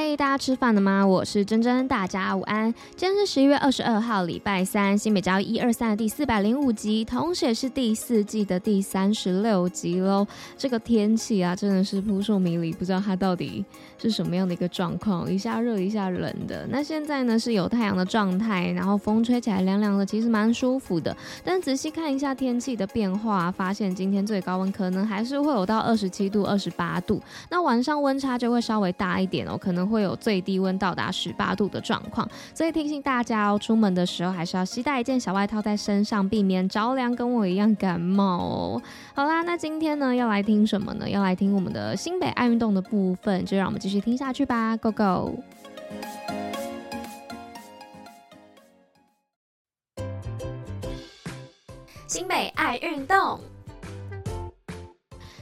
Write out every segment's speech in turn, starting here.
嘿、hey,，大家吃飯了嗎？我是珍珍，大家午安。今天是十一月二十二號，禮拜三，《新北教一二三》的第四百零五集，同時也是第四季的第三十六集嘍。這個天氣啊，真的是撲朔迷離，不知道它到底是什麼樣的一個狀況，一下熱一下冷的。那現在呢是有太陽的狀態，然後風吹起來涼涼的，其實蠻舒服的。但仔細看一下天氣的變化，發現今天最高溫可能還是會有到二十七度、二十八度。那晚上溫差就會稍微大一點哦，可能。會有最低溫到達十八度的狀況，所以提醒大家哦，出門的時候還是要攜帶一件小外套在身上，避免着涼，跟我一樣感冒。好啦，那今天呢要來聽什麼呢？要來聽我們的新北愛運動的部分，就讓我們繼續聽下去吧，Go Go！新北愛運動。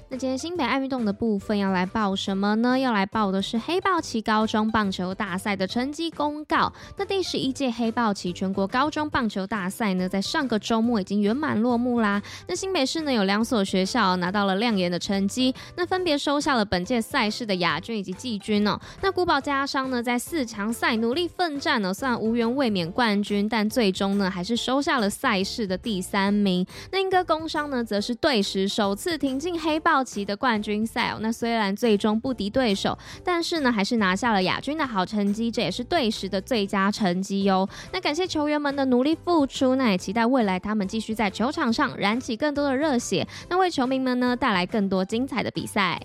那今天新北愛運動的部分要來報什麼呢？要來報的是黑豹旗高中棒球大賽的成績公告。那第十一屆黑豹旗全國高中棒球大賽呢，在上個周末已經圓滿落幕啦。那新北市呢，有兩所學校、啊、拿到了亮眼的成績，那分別收下了本屆賽事的亞軍以及季軍哦。那穀保家商呢，在四強賽努力奮戰呢、哦，雖然無緣衛冕冠軍，但最終呢，還是收下了賽事的第三名。那鶯歌工商呢，則是隊史首次挺進黑豹。好奇的冠軍賽哦，那雖然最終不敵對手，但是呢，還是拿下了亞軍的好成績，這也是隊史的最佳成績喲、哦。那感謝球員們的努力付出，那也期待未來他們繼續在球場上燃起更多的熱血，那為球迷們呢帶來更多精彩的比賽。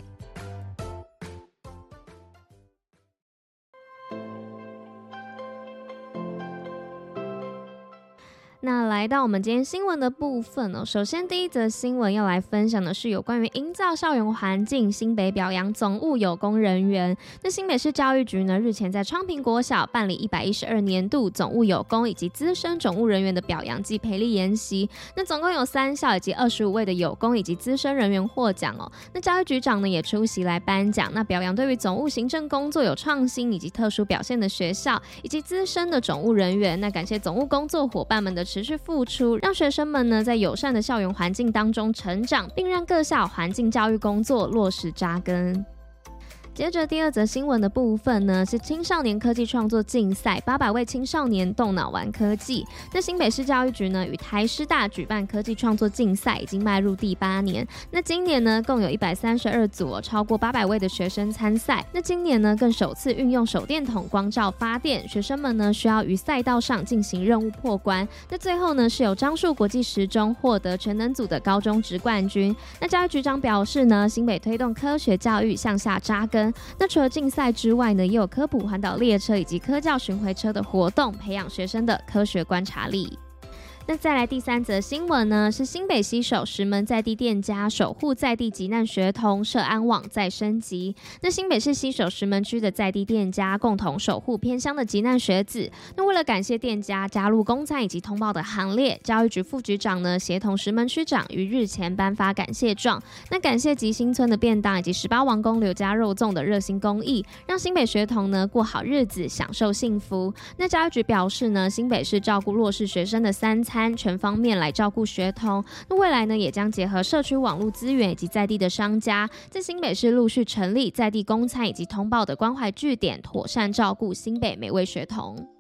那來到我們今天新聞的部分哦，首先第一則新聞要來分享的是有關於營造校園環境，新北表揚總務有功人員。那新北市教育局呢日前在昌平國小辦理一百一十二年度總務有功以及資深總務人員的表揚暨培力研習，那總共有三校以及二十五位的有功以及資深人員獲獎哦。那教育局長呢也出席來頒獎，那表揚對於總務行政工作有創新以及特殊表現的學校以及資深的總務人員，那感謝總務工作夥伴們的。持續付出，讓學生們呢在友善的校園環境當中成長，並讓各校環境教育工作落實紮根。接着第二則新聞的部分呢，是青少年科技創作競賽，八百位青少年動腦玩科技。那新北市教育局呢，與台師大舉辦科技創作競賽，已經邁入第八年。那今年呢，共有一百三十二組、哦，超過八百位的學生參賽。那今年呢，更首次運用手電筒光照發電，學生們呢需要於賽道上進行任務破關。那最後呢，是由樟樹國際實中獲得全能組的高中職冠軍。那教育局長表示呢，新北推動科學教育向下扎根。那除了競賽之外呢，也有科普環島列車以及科教巡迴車的活動，培養學生的科學觀察力。再來第三則新聞呢，是新北攜手石門在地店家守護在地急難學童，社安網再升級。那新北市攜手石門區的在地店家共同守護偏鄉的急難學子。那為了感謝店家加入公餐以及通報的行列，教育局副局長呢協同石門區長於日前頒發感謝狀。那感謝吉新村的便當以及十八王公劉家肉粽的熱心公益，讓新北學童呢過好日子，享受幸福。那教育局表示呢，新北市照顧弱勢學生的三餐，安全方面來照顧學童，那未來呢也將結合社區網絡資源，以及在地的商家，在新北市陸續成立在地供餐以及通報的關懷據點，妥善照顧新北每位學童。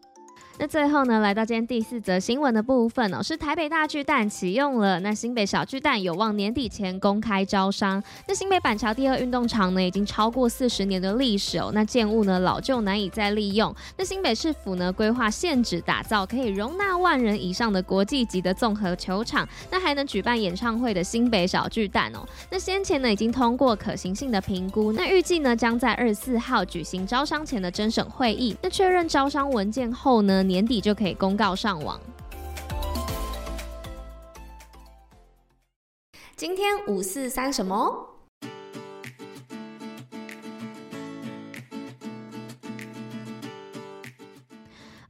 那最後呢，來到今天第四則新聞的部分哦，是台北大巨蛋啟用了，那新北小巨蛋有望年底前公開招商。那新北板橋第二運動場呢，已經超過四十年的歷史哦，那建物呢老舊難以再利用。那新北市府呢規劃限制打造可以容納萬人以上的國際級的綜合球場，那還能舉辦演唱會的新北小巨蛋哦。那先前呢已經通過可行性的評估，那預計呢將在二十四號舉行招商前的甄審會議，那確認招商文件後呢。年底就可以公告招商。今天五四三什麼？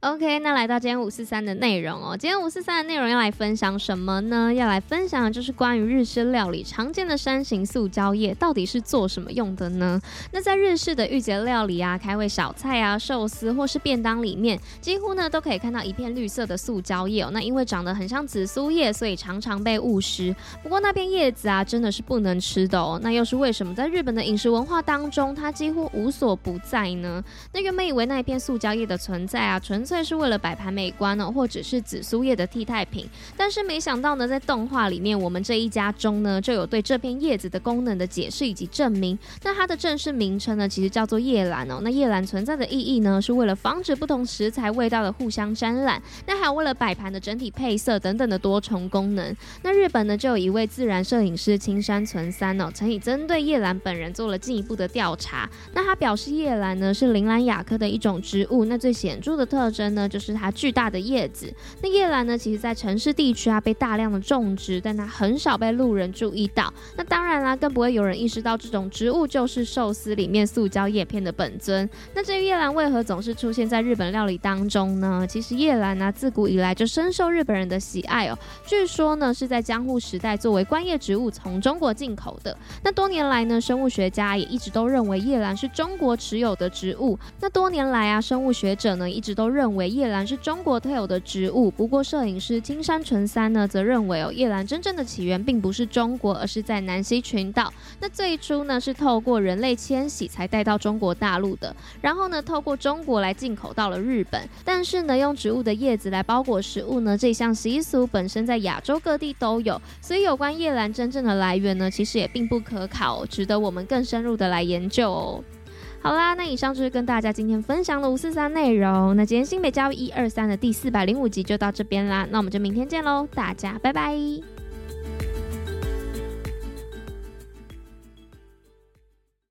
OK，那來到今天五四三的內容哦、喔。今天五四三的內容要來分享什麼呢？要來分享的就是關於日式料理常見的山形塑膠葉到底是做什麼用的呢？那在日式的御節料理啊、開胃小菜啊、壽司或是便當裡面，幾乎呢都可以看到一片綠色的塑膠葉哦。那因為長得很像紫蘇葉，所以常常被誤食。不過那片葉子啊，真的是不能吃的哦、喔。那又是為什麼在日本的飲食文化當中，它幾乎無所不在呢？那原本以為那一片塑膠葉的存在啊，純。算是為了擺盤美觀呢，或者是紫蘇葉的替代品，但是沒想到呢，在動畫裡面，我們這一家中呢就有對這片葉子的功能的解釋以及證明。那它的正式名稱呢，其實叫做葉蘭哦。那葉蘭存在的意義呢，是為了防止不同食材味道的互相沾染，那還有為了擺盤的整體配色等等的多重功能。那日本呢，就有一位自然攝影師青山存三哦，曾以針對葉蘭本人做了進一步的調查。那他表示夜，葉蘭呢是鈴蘭亞科的一種植物，那最顯著的特徵。呢，就是它巨大的葉子。那葉蘭呢，其實在城市地區啊被大量的種植，但它很少被路人注意到。那當然啦、啊，更不會有人意識到這種植物就是壽司裡面塑膠葉片的本尊。那至於葉蘭為何總是出現在日本料理當中呢？其實葉蘭呢，自古以來就深受日本人的喜愛哦。據說呢，是在江戶時代作為觀葉植物從中國進口的。那多年來呢，生物學家也一直都認為葉蘭是中國持有的植物。那多年來啊，生物學者呢一直都認為。認為葉蘭是中國特有的植物，不過攝影師金山純三呢，則認為哦，葉蘭真正的起源並不是中國，而是在南西群島。那最初呢，是透過人類遷徙才帶到中國大陸的，然後呢，透過中國來進口到了日本。但是呢，用植物的葉子來包裹食物呢，這項習俗本身在亞洲各地都有，所以有關葉蘭真正的來源呢，其實也並不可考，值得我們更深入的來研究哦。好啦，那以上就是跟大家今天分享的五四三內容。那今天新北教育一二三的第四百零五集就到這邊啦。那我們就明天見嘍，大家拜拜。